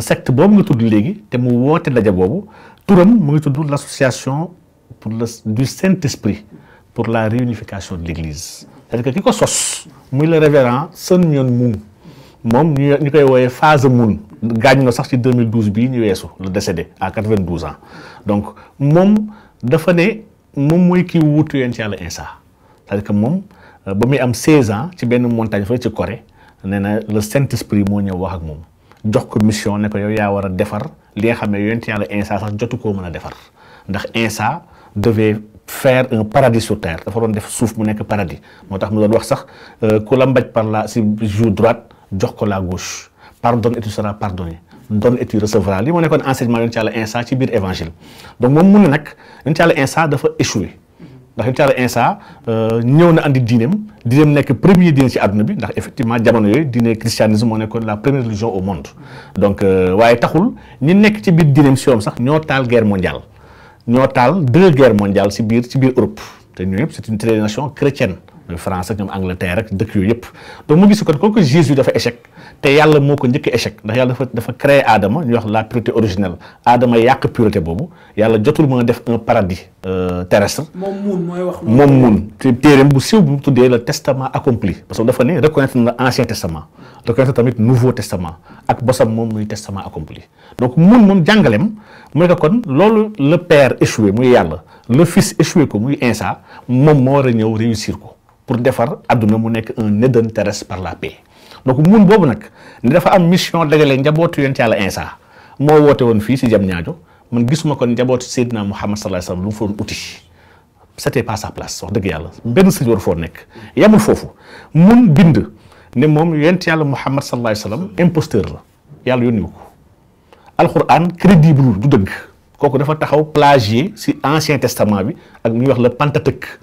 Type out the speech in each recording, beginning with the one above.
secte bobu nga tudd léegi te mu woote ndaje bobu touram mu ngi tudd l'association pour le du Saint Esprit pour la réunification de l'Église. c'est-à-dire que kiko sos muy le révérend Sun Myung Moon moom ñu koy woyé phase Moon gañ na sax ci 2012 bi ñu weesu le décédé à 92 ans donc mom dafa ne moom mooy kii wuutu yonent Yàlla insa c'est-à-dire que mom euh, ba muy am 16 ans ci benn montagne fa ci Corée nee na le Saint Esprit mo ñew wax ak mom jox ko mission ne ko yow yaa war a defar li nga xam ne yonent yàlla Insa sax jotu koo mën a defar ndax Insa devait faire un paradis sur terre dafa doon def suuf mu nekk paradis moo tax mu doon wax sax euh, ku la mbaj par la si joue droite jox ko la gauche pardonne et tu seras pardonné donne et tu recevras li moo nekkoon enseignement yonent yàlla Insa ci biir évangile donc moom mu ne nag yonent yàlla Insa dafa échoué dans le Insa euh, ñëw na andi premier effectivement christianisme la première religion au monde donc euh, waaye taxul ñi nekk ci biir sax guerre mondiale taal deux guerres mondiales biir biir Europe c'est une nation chrétienne ñoom France ak ñoom Angleterre ak dëkk yooyu yëpp donc mu gis ko kooku Jésus dafa échec té Yalla moko ñëk échec ndax Yalla dafa dafa créer Adam, ñu wax la pureté originelle Adama yàq pureté bobu Yalla jotul mën def un paradis euh, terrestre. mom moun moy wax. mom moun té téereem bu siiw bu mu le testament accompli parce que dafa né reconnaître na ancien testament reconnaître tamit nouveau testament ak bossam mom muy testament accompli donc moun mom j'angalem. mooy ko kon lolu le père échoué muy Yalla le fils échoué ko muy Insa mom mo war réussir ko. pour defar aduna mu nek un Nédantérès par la paix donc moun bobu nak ni dafa am mission dagale njabootu yent yàlla Insa mo wote won fi ci jam ñaajo man gisuma ko njabootu Seydina Muhammad sallallahu alayhi wasallam lu fon outil c'était pas sa place wax deug yàlla ben sëñ war fo nek yamul fofu moun bind ne mom yent yàlla Muhammad sallallahu alayhi wasallam imposteur la yàlla yoni wuko alquran crédible du deug koku dafa taxaw plagier ci ancien testament bi ak mu wax le Pentateuque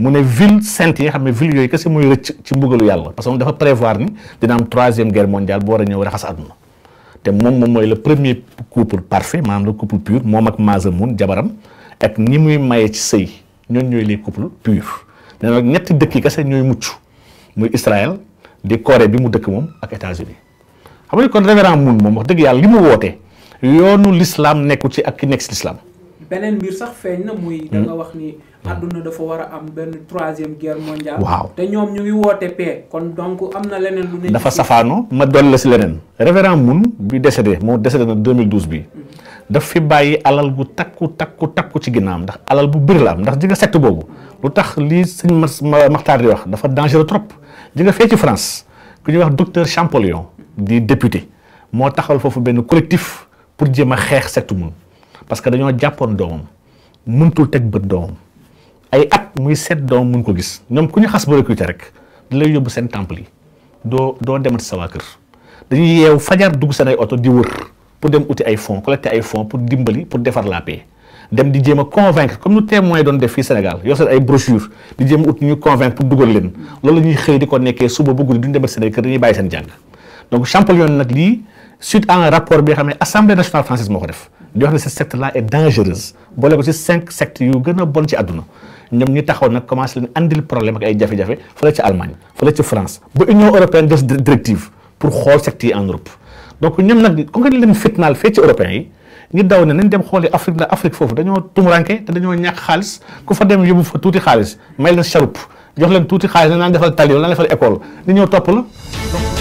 mu ne ville sainte yi nga xam ne ville yooyu kese mooy rëcc ci mbugalu yàlla parce que moom dafa prévoir ni dina am troisième guerre mondiale bu war a ñëw raxas àdduna te moom moom mooy le premier couple parfait maanaam le couple pur moom ak Mazamoun jabaram ak ñi muy maye ci sëy ñoon ñooy les couples purs nee ñetti dëkk yi kese ñooy mucc muy Israël di Corée bi mu dëkk moom ak États-Unis xam nga kon révérend Moon moom wax dëgg yàlla li mu woote yoonu l'islam nekku ci ak ki nekk si beneen mbir sax feeñ na muy. da nga hmm. wax ni hmm. àdduna dafa war a am benn troisième guerre mondiale. waaw te ñoom ñu ngi woote paix kon donc am na leneen lu ne. dafa safaano ma dolli la si leneen. révérend Mun bi décédé moo décédé na 2012 bi hmm. daf fi bàyyi alal bu takku takku takku ci ginnaam ndax alal bu bëri la am ndax ji nga secte boobu lu tax lii sëñ Maxtaar di wax dafa dangereux trop ji nga fee ci France ku ñuy wax docteur Champollion di député moo taxawal foofu benn collectif pour jéem a xeex secte Mun. parce que dañoo jàppoon doomam mëntul teg bët doomam ay at muy seet doomam mun ko gis ñoom ku ñu xas ba recruter rek da yóbbu seen temple yi doo doo demati sa waa kër dañuy yeew fajar dugg seen ay oto di wër pour dem uti ay fonds collecter ay fonds pour dimbali pour defar la paix dem di jéem a convaincre comme nu témoin doon def fii Sénégal yor seen ay brochure di jéem a ut ñu convaincre pour dugal leen loolu la ñuy xëy di ko nekkee suba bu guddi duñ demal seen ay kër dañuy bàyyi seen jàng donc Champollion nag lii suite à un xam ne assemblée nationale française ko def. jox wax ne ce secte là est dangereuse boole ko ci cinq sectes yu gën a bon ci àdduna ñoom ñu taxaw nag commencé leen andil problème ak ay jafe-jafe fële ci Allemagne fële ci France ba Union européenne des directive pour xool secte yi en Europe donc ñoom nag ku nga leen fitnaal fee ci européens yi ñu daw ne nañ dem xooli Afrique la Afrique foofu dañoo tumuranke te dañoo ñàkk xaalis ku fa dem yóbbu fa tuuti xaalis may leen chaloupe jox leen tuuti xaalis ne naan defal tali wala topp la